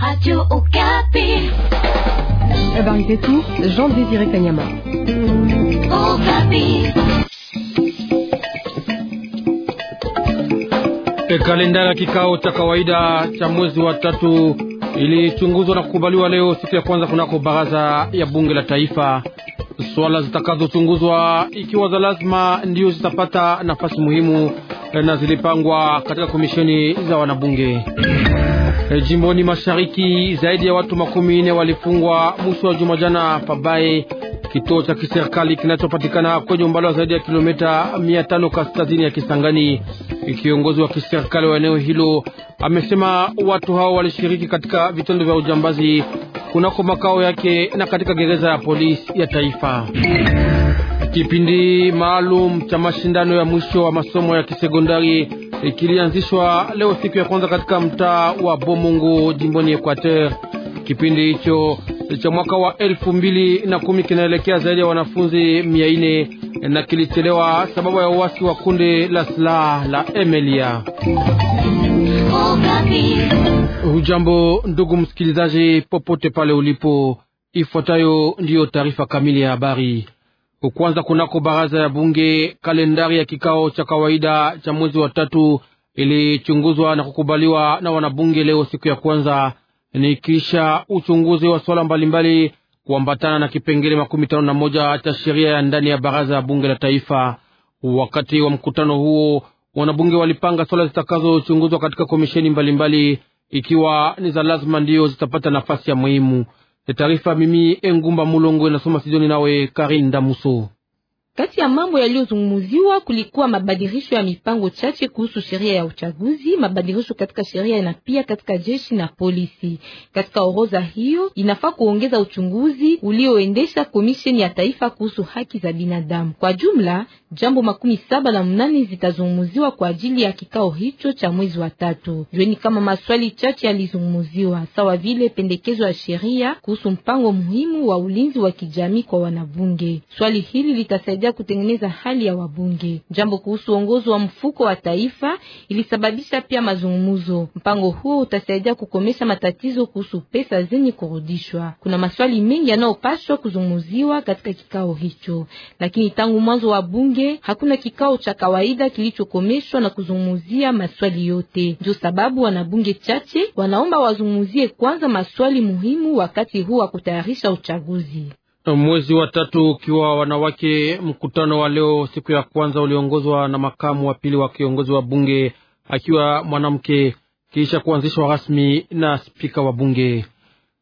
Radio Okapi. Habari eh zetu Jean Désiré Kanyama. Okapi. E kalenda ya kikao cha kawaida cha mwezi wa tatu ilichunguzwa na kukubaliwa leo siku ya kwanza kunako baraza ya bunge la taifa. Swala zitakazochunguzwa ikiwa za lazima ndiyo zitapata nafasi muhimu eh, na zilipangwa katika komisheni za wanabunge. Eh, jimboni mashariki zaidi ya watu makumi nne walifungwa mwisho wa juma jana pabaye, kituo cha kiserikali kinachopatikana kwenye umbali wa zaidi ya kilomita mia tano kaskazini ya Kisangani. Kiongozi wa kiserikali wa eneo hilo amesema watu hao walishiriki katika vitendo vya ujambazi kunako makao yake na katika gereza ya polisi ya taifa. Kipindi maalum cha mashindano ya mwisho wa masomo ya kisekondari kilianzishwa leo siku ya kwanza katika mtaa wa Bomongo jimboni Equateur. Kipindi hicho cha mwaka wa elfu mbili na kumi kinaelekea zaidi ya wanafunzi mia nne na kilichelewa sababu ya uasi wa kundi la silaha la Emelia. Hujambo ndugu msikilizaji, popote pale ulipo, ifuatayo ndiyo taarifa kamili ya habari. Kwanza kunako baraza ya bunge, kalendari ya kikao cha kawaida cha mwezi wa tatu ilichunguzwa na kukubaliwa na wanabunge leo siku ya kwanza, ni kisha uchunguzi wa swala mbalimbali kuambatana na kipengele makumi tano na moja cha sheria ya ndani ya baraza ya bunge la taifa. Wakati wa mkutano huo, wanabunge walipanga swala zitakazochunguzwa katika komisheni mbalimbali mbali, ikiwa ni za lazima ndiyo zitapata nafasi ya muhimu. E taarifa mimi Engumba Mulongo inasoma Sidoni nawe Karin Damuso. Kati ya mambo yaliyozungumziwa kulikuwa mabadilisho ya mipango chache kuhusu sheria ya uchaguzi, mabadilisho katika sheria na pia katika jeshi na polisi. Katika orodha hiyo inafaa kuongeza uchunguzi ulioendesha komisheni ya taifa kuhusu haki za binadamu. Kwa jumla, jambo makumi saba na mnane zitazungumuziwa kwa ajili ya kikao hicho cha mwezi wa tatu. Jueni kama maswali chache yalizungumuziwa sawa vile pendekezo ya sheria kuhusu mpango muhimu wa ulinzi wa kijamii kwa wanabunge. Swali hili litasaidia kutengeneza hali ya wabunge. Jambo kuhusu uongozi wa mfuko wa taifa ilisababisha pia mazungumuzo. Mpango huo utasaidia kukomesha matatizo kuhusu pesa zenye kurudishwa. Kuna maswali mengi yanayopaswa kuzungumuziwa katika kikao hicho, lakini tangu mwanzo wa bunge hakuna kikao cha kawaida kilichokomeshwa na kuzungumzia maswali yote. Ndio sababu wanabunge chache wanaomba wazungumzie kwanza maswali muhimu wakati huu wa kutayarisha uchaguzi. Mwezi wa tatu ukiwa wanawake, mkutano wa leo siku ya kwanza uliongozwa na makamu wa pili wa kiongozi wa bunge akiwa mwanamke, kisha kuanzishwa rasmi na spika wa bunge.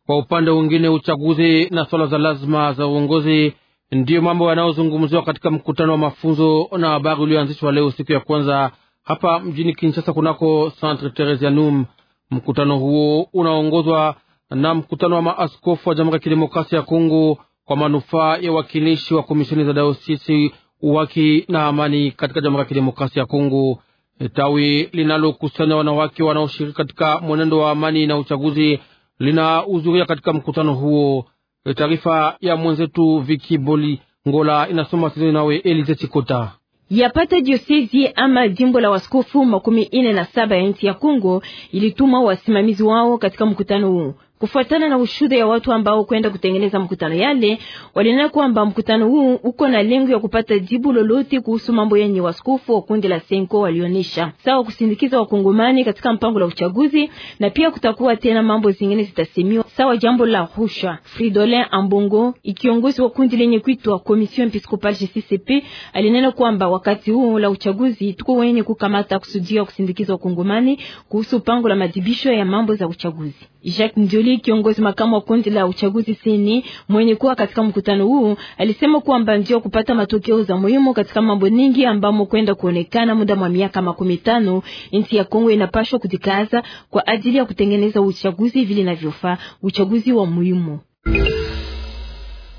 Kwa upande mwingine, uchaguzi na swala za lazima za uongozi Ndiyo mambo yanayozungumziwa katika mkutano wa mafunzo na habari ulioanzishwa leo siku ya kwanza hapa mjini Kinshasa, kunako Centre Theresianum. Mkutano huo unaongozwa na mkutano wa maaskofu wa Jamhuri ya Kidemokrasia ya Kongo kwa manufaa ya wakilishi wa komisheni za dayosisi uwaki na amani katika Jamhuri ya Kidemokrasia ya Kongo, e, tawi linalokusanya wanawake wanaoshiriki katika mwenendo wa amani na uchaguzi linahudhuria katika mkutano huo. Taarifa ya mwenzetu Viki Boli Ngola inasoma sizoni nawe Elize Chikota yapata diosezi ama jimbo la waskofu makumi ine na saba ya nchi ya Kongo ilituma wasimamizi wao katika mkutano huu kufuatana na ushuhuda ya watu ambao kwenda kutengeneza mkutano yale, walinena kwamba mkutano huu uko na lengo ya kupata jibu lolote kuhusu mambo yenye waskofu wa kundi la Senko walionyesha, sawa kusindikiza wakongomani katika mpango la uchaguzi, na pia kutakuwa tena mambo zingine zitasemiwa sawa jambo la rushwa. Fridolin Ambongo, ikiongozi wa kundi lenye kuitwa Commission Episcopale CCCP, alinena kwamba wakati huu la uchaguzi tuko wenye kukamata kusudia kusindikiza wakongomani kuhusu pango la madhibisho ya mambo za uchaguzi. Jacques Ndioli, kiongozi makamu wa kundi la uchaguzi seni mwenye kuwa katika mkutano huu, alisema kwamba ndio kupata matokeo za muhimu katika mambo nyingi ambamo kwenda kuonekana muda wa miaka makumi tano, nchi ya Kongo inapashwa kujikaza kwa ajili ya kutengeneza uchaguzi vile inavyofaa uchaguzi wa muhimu.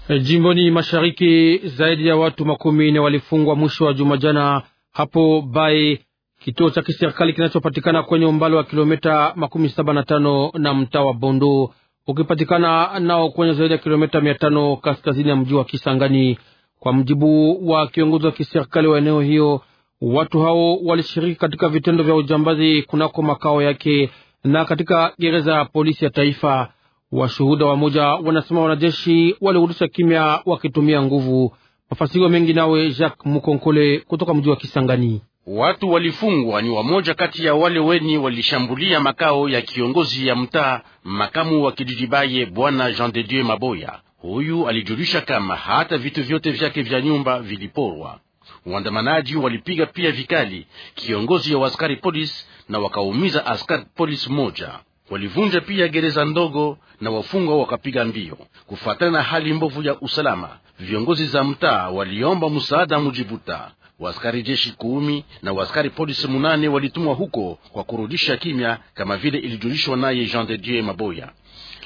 Eh, jimboni mashariki zaidi ya watu makumi nne walifungwa mwisho wa juma jana hapo bai kituo cha kiserikali kinachopatikana kwenye umbali wa kilomita makumi saba na tano na mtaa wa Bondo ukipatikana nao kwenye zaidi ya kilomita mia tano kaskazini ya mji wa Kisangani. Kwa mjibu wa kiongozi wa kiserikali wa eneo hiyo, watu hao walishiriki katika vitendo vya ujambazi kunako makao yake na katika gereza ya polisi ya taifa. Washuhuda wamoja wanasema wanajeshi walirudisha kimya wakitumia nguvu. Mafasirio mengi nawe Jacques Mukonkole kutoka mji wa Kisangani. Watu walifungwa ni wamoja kati ya wale weni walishambulia makao ya kiongozi ya mtaa makamu wa Kididibaye, bwana Jean de Dieu Maboya. Huyu alijulisha kama hata vitu vyote vyake vya nyumba viliporwa. Waandamanaji walipiga pia vikali kiongozi ya waskari polisi na wakaumiza askari polisi moja. Walivunja pia gereza ndogo na wafungwa wakapiga mbio. Kufuatana na hali mbovu ya usalama, viongozi za mtaa waliomba msaada Mujibuta. Waskari jeshi kumi na waskari polisi munane walitumwa huko kwa kurudisha kimya, kama vile ilijulishwa naye Jean de Dieu Maboya,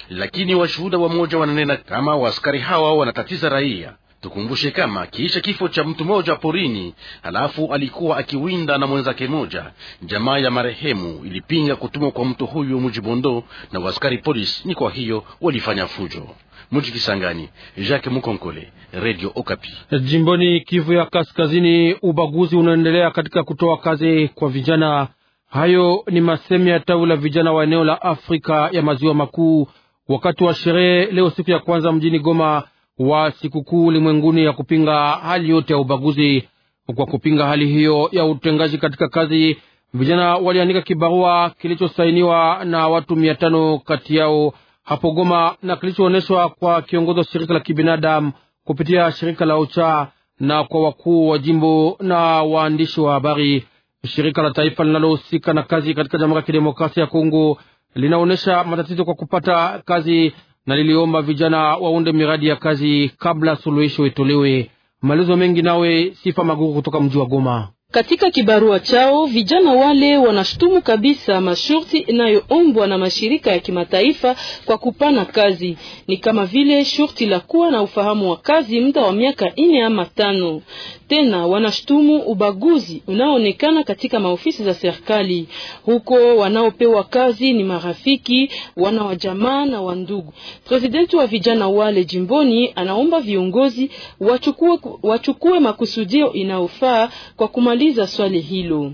lakini washuhuda wamoja wananena kama waskari hawa wanatatiza raia. Tukumbushe kama kiisha kifo cha mtu mmoja porini, halafu alikuwa akiwinda na mwenzake moja, jamaa ya marehemu ilipinga kutumwa kwa mtu huyu Mujibondo na waskari polisi, ni kwa hiyo walifanya fujo. Mujikisangani, Jacques Mukonkole, Radio Okapi. Jimboni Kivu ya Kaskazini, ubaguzi unaendelea katika kutoa kazi kwa vijana. Hayo ni masemi ya tawi la vijana wa eneo la Afrika ya maziwa makuu wakati wa sherehe leo siku ya kwanza mjini Goma wa sikukuu ulimwenguni ya kupinga hali yote ya ubaguzi. Kwa kupinga hali hiyo ya utengaji katika kazi, vijana waliandika kibarua kilichosainiwa na watu mia tano kati yao hapo Goma na kilichoonyeshwa kwa kiongozi wa shirika la kibinadamu kupitia shirika la OCHA na kwa wakuu wa jimbo na waandishi wa habari. Shirika la taifa linalohusika na kazi katika Jamhuri ya Kidemokrasia ya Kongo linaonyesha matatizo kwa kupata kazi na liliomba vijana waunde miradi ya kazi kabla suluhisho itolewe. Malizo mengi nawe Sifa Maguru kutoka mji wa Goma. Katika kibarua chao vijana wale wanashutumu kabisa masharti inayoombwa na mashirika ya kimataifa kwa kupana kazi, ni kama vile shurti la kuwa na ufahamu wa kazi muda wa miaka nne ama tano. Tena wanashutumu ubaguzi unaoonekana katika maofisi za serikali. Huko wanaopewa kazi ni marafiki, wana wa jamaa na ndugu. Presidenti wa vijana wale jimboni anaomba viongozi wachukue, wachukue makusudio inayofaa kwa kumali kumaliza swali hilo.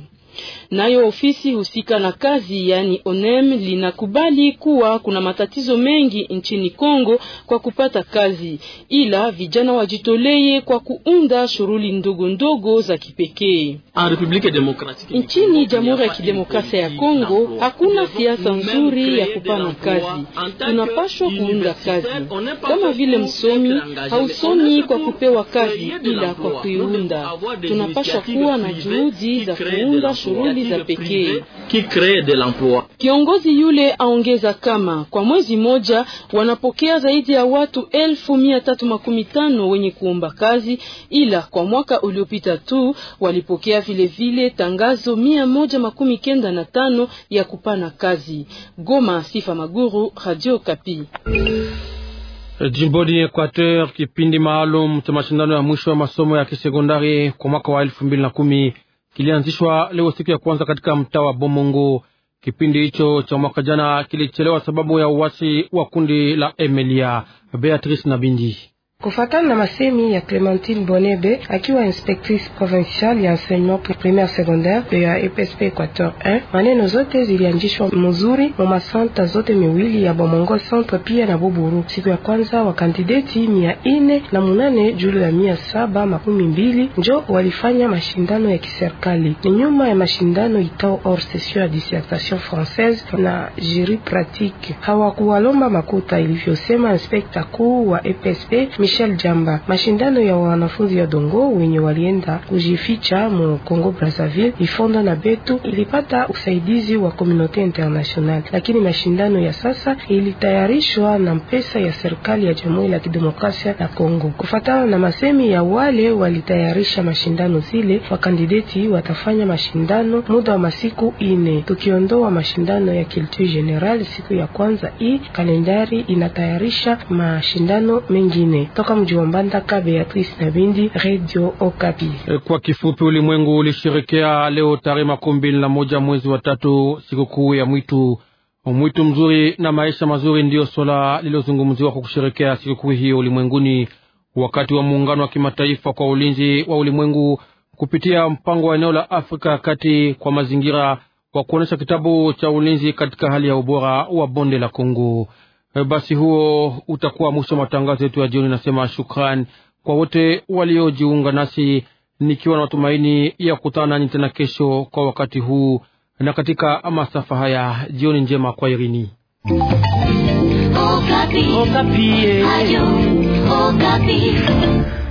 Nayo ofisi husika na kazi yani ONEM linakubali kuwa kuna matatizo mengi nchini Kongo kwa kupata kazi, ila vijana wajitolee kwa kuunda shughuli ndogo ndogo za kipekee. Ah, nchini Jamhuri ya Kidemokrasia ya Kongo hakuna siasa nzuri ya kupana kazi, tunapashwa kuunda kazi. Kama vile msomi hausomi kwa kupewa kazi, ila kwa kuiunda. Tunapashwa kuwa na juhudi za kuunda shughuli za pekee. Kiongozi yule aongeza kama kwa mwezi moja wanapokea zaidi ya watu elfu mia tatu makumi tano wenye kuomba kazi, ila kwa mwaka uliopita tu walipokea vilevile vile tangazo mia moja makumi kenda na tano ya kupana kazi. Goma, Sifa Maguru, Radio Kapi. Jimboni Ekwateur, kipindi maalum cha mashindano ya mwisho ya masomo ya kisekondari kwa mwaka wa elfu mbili na kumi kilianzishwa leo siku ya kwanza katika mtaa wa Bomongo. Kipindi hicho cha mwaka jana kilichelewa sababu ya uwasi wa kundi la Emelia Beatrice na Bindi. Kufatana na masemi ya Clementine Bonebe akiwa inspectrice provinciale ya enseignement primaire secondaire ya EPSP Equator 1, maneno zote zilianjishwa mzuri mwa masanta zote miwili ya Bomongo centre pia na Boburu siku ya kwanza. Wa kandideti mia ine na munane julu ya mia saba makumi mbili njo walifanya mashindano ya kiserikali. Ni nyuma ya mashindano itao or session ya dissertation française na jury pratique, hawakuwalomba makuta, ilivyosema inspekta kuu wa EPSP Michel Jamba. Mashindano ya wanafunzi ya Dongo wenye walienda kujificha mu Congo Brazzaville, Ifonda na Betu ilipata usaidizi wa Communauté Internationale, lakini mashindano ya sasa ilitayarishwa na pesa ya serikali ya Jamhuri ya Kidemokrasia ya Kongo. Kufatana na masemi ya wale walitayarisha mashindano zile, wakandideti watafanya mashindano muda wa masiku ine, tukiondoa mashindano ya culture general siku ya kwanza. Hii kalendari inatayarisha mashindano mengine. Toka mji wa Mbandaka, Beatrice na Bindi, Radio Okapi. Eh, kwa kifupi, ulimwengu ulisherekea leo tarehe makumi mbili na moja mwezi wa tatu sikukuu ya mwitu. Mwitu mzuri na maisha mazuri ndiyo swala lilozungumziwa kwa kusherekea sikukuu hiyo ulimwenguni wakati wa muungano wa kimataifa kwa ulinzi wa ulimwengu kupitia mpango wa eneo la Afrika kati kwa mazingira wa kuonyesha kitabu cha ulinzi katika hali ya ubora wa bonde la Kongo. Eh, basi huo utakuwa mwisho matangazo yetu ya jioni. Nasema shukrani kwa wote waliojiunga nasi, nikiwa na matumaini ya kukutana nanyi tena kesho kwa wakati huu na katika masafa haya. Jioni njema, kwa irini. Okapi. Okapi. Ayu, Okapi.